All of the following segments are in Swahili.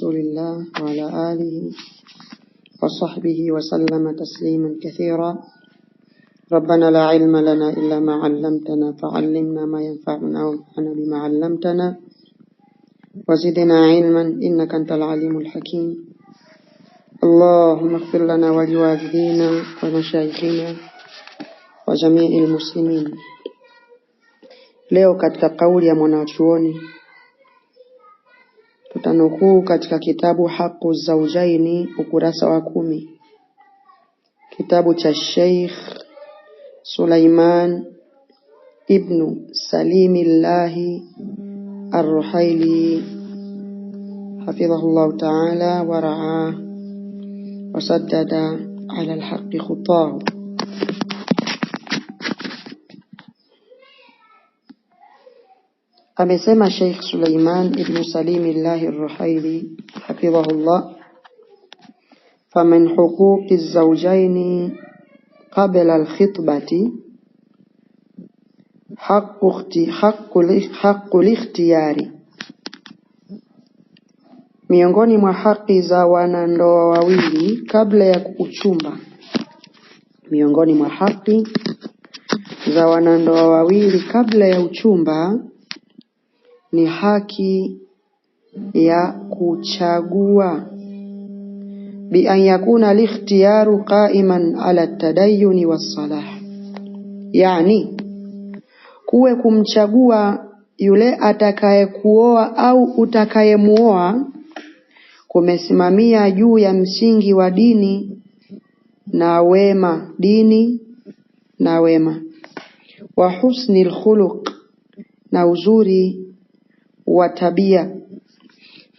رسول الله وعلى آله وصحبه وسلم تسليما كثيرا ربنا لا علم لنا إلا ما علمتنا فعلمنا ما ينفعنا وانفعنا بما علمتنا وزدنا علما إنك أنت العليم الحكيم اللهم اغفر لنا ولوالدينا ومشايخنا وجميع المسلمين leo katika kauli ya mwanachuoni Tutanukuu katika kitabu Haqu Zaujaini ukurasa wa kumi, kitabu cha Sheikh Sulaiman ibnu Salimillahi Arruhaili hafidhahullahu taala waraa wasaddada ala lhaqi khutahu Amesema Sheikh Suleiman ibn Salimillahi Ruhaili hafidhahullah, famin huquqi zaujaini qabla al-khitbati haqqu al-ikhtiyari miongoni mwa haki za wanandoa wawili kabla ya kuchumba, miongoni mwa haki za wanandoa wawili kabla ya uchumba ni haki ya kuchagua bi an yakuna likhtiyaru qaiman ala tadayuni wassalah, yani kuwe kumchagua yule atakayekuoa au utakayemuoa kumesimamia juu ya msingi wa dini na wema, dini na wema wa husnil khuluq, na uzuri wa tabia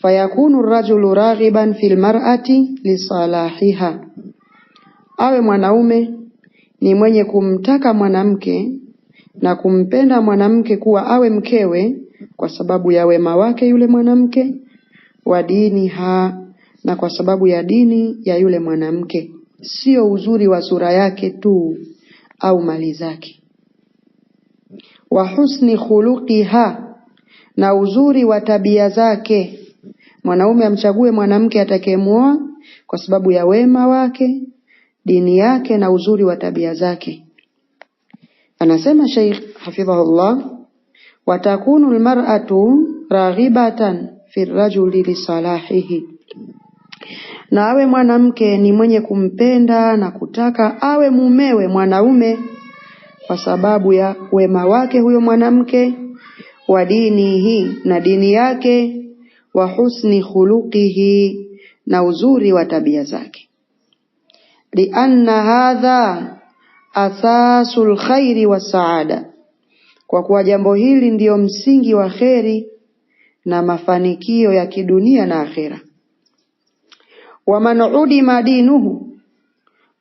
fayakunu rajulu raghiban fil mar'ati lisalahiha, awe mwanaume ni mwenye kumtaka mwanamke na kumpenda mwanamke kuwa awe mkewe kwa sababu ya wema wake yule mwanamke, wa dini ha, na kwa sababu ya dini ya yule mwanamke, sio uzuri wa sura yake tu au mali zake, wa husni khuluqiha na uzuri wa tabia zake. Mwanaume amchague mwanamke atakayemwoa kwa sababu ya wema wake, dini yake na uzuri wa tabia zake. Anasema Sheikh hafidhahullah, watakunu almar'atu raghibatan fi rajuli lisalahihi, na awe mwanamke ni mwenye kumpenda na kutaka awe mumewe mwanaume kwa sababu ya wema wake huyo mwanamke wa dinihi na dini yake, wa husni khuluqihi na uzuri wa tabia zake, lianna hadha asasu khairi wa saada, kwa kuwa jambo hili ndiyo msingi wa kheri na mafanikio ya kidunia na akhera. man udima dinuhu,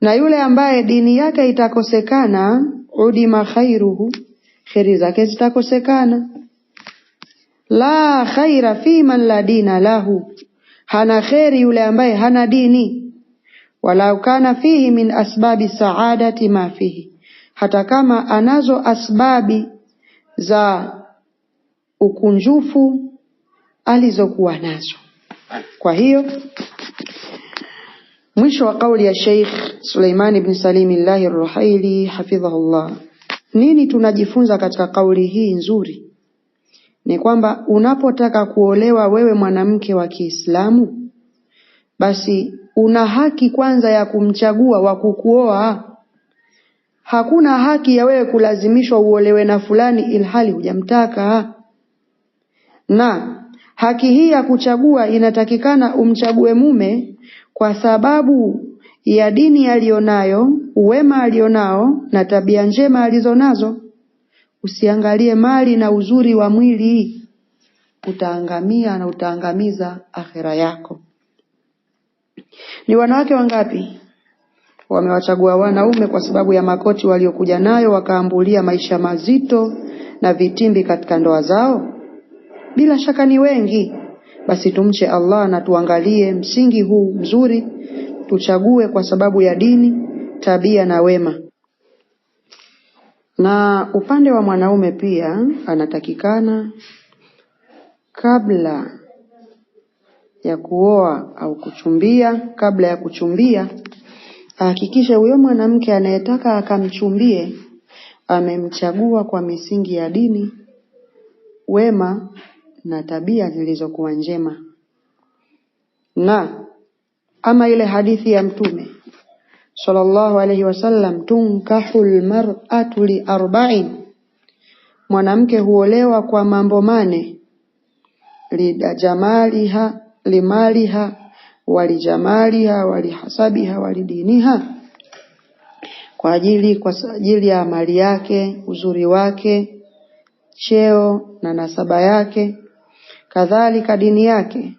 na yule ambaye dini yake itakosekana, udima khairuhu, kheri zake zitakosekana la khaira fi man la dina lahu, hana kheri yule ambaye hana dini. Walau kana fihi min asbabi saadati ma fihi, hata kama anazo asbabi za ukunjufu alizokuwa nazo. Kwa hiyo mwisho wa kauli ya Sheikh Suleiman ibn Salim Allahi Ruhaili hafidhahullah, llah. Nini tunajifunza katika kauli hii nzuri? ni kwamba unapotaka kuolewa wewe mwanamke wa Kiislamu, basi una haki kwanza ya kumchagua wa kukuoa. Hakuna haki ya wewe kulazimishwa uolewe na fulani ilhali hujamtaka. Na haki hii ya kuchagua inatakikana umchague mume kwa sababu ya dini aliyonayo, uwema alionao na tabia njema alizonazo. Usiangalie mali na uzuri wa mwili, utaangamia na utaangamiza akhera yako. Ni wanawake wangapi wamewachagua wanaume kwa sababu ya makoti waliokuja nayo, wakaambulia maisha mazito na vitimbi katika ndoa zao? Bila shaka ni wengi. Basi tumche Allah na tuangalie msingi huu mzuri, tuchague kwa sababu ya dini, tabia na wema. Na upande wa mwanaume pia anatakikana kabla ya kuoa au kuchumbia, kabla ya kuchumbia ahakikishe huyo mwanamke anayetaka akamchumbie amemchagua kwa misingi ya dini, wema na tabia zilizokuwa njema. Na ama ile hadithi ya Mtume sallallahu alaihi wasallam, tunkahu mar'atu li arba'in, mwanamke huolewa kwa mambo mane: lijamaliha limaliha walijamaliha walihasabiha walidiniha, kwa ajili kwa ajili ya mali yake, uzuri wake, cheo na nasaba yake, kadhalika dini yake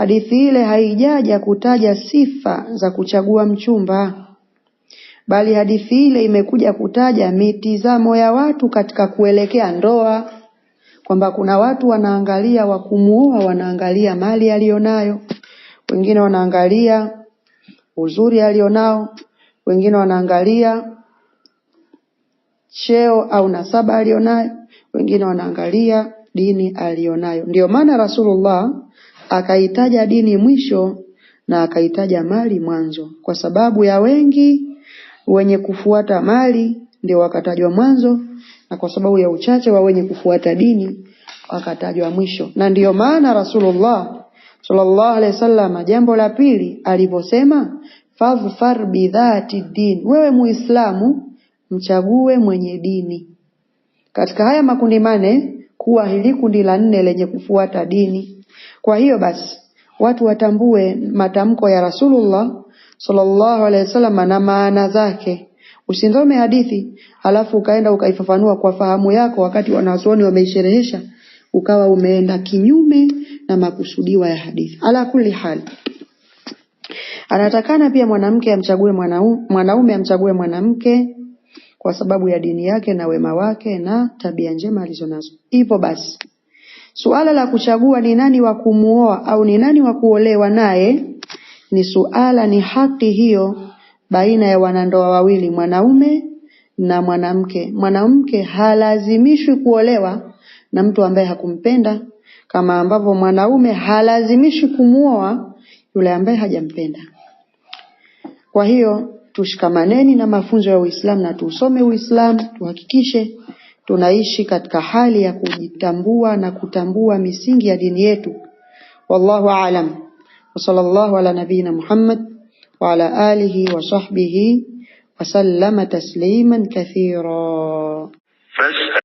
Hadithi ile haijaja kutaja sifa za kuchagua mchumba bali hadithi ile imekuja kutaja mitizamo ya watu katika kuelekea ndoa, kwamba kuna watu wanaangalia wa kumuoa, wanaangalia mali aliyonayo, wengine wanaangalia uzuri alionao, wengine wanaangalia cheo au nasaba alionayo, wengine wanaangalia dini alionayo. Ndiyo maana Rasulullah akaitaja dini mwisho na akaitaja mali mwanzo, kwa sababu ya wengi wenye kufuata mali ndio wakatajwa mwanzo, na kwa sababu ya uchache wa wenye kufuata dini wakatajwa mwisho. Na ndiyo maana Rasulullah sallallahu alaihi wasallam, jambo la pili aliposema fadhfar bidhati din, wewe Muislamu mchague mwenye dini. Katika haya makundi mane kuwa hili kundi la nne lenye kufuata dini kwa hiyo basi watu watambue matamko ya Rasulullah sallallahu alaihi wasallam na maana zake. Usindome hadithi halafu ukaenda ukaifafanua kwa fahamu yako, wakati wanazuoni wameisherehesha, ukawa umeenda kinyume na makusudiwa ya hadithi. Ala kulli hali, anatakana pia mwanamke amchague mwanaume, mwanaume amchague mwanamke kwa sababu ya dini yake na wema wake na tabia njema alizonazo. Ipo basi Suala la kuchagua ni nani wa kumuoa au ni nani wa kuolewa naye ni suala ni haki hiyo baina ya wanandoa wawili mwanaume na mwanamke. Mwanamke halazimishwi kuolewa na mtu ambaye hakumpenda kama ambavyo mwanaume halazimishwi kumuoa yule ambaye hajampenda. Kwa hiyo tushikamaneni na mafunzo ya Uislamu na tuusome Uislamu, tuhakikishe tunaishi katika hali ya kujitambua na kutambua misingi ya dini yetu. Wallahu aalam wa sallallahu ala nabiyina Muhammad wa ala alihi wa sahbihi wa sallama tasliman kathira.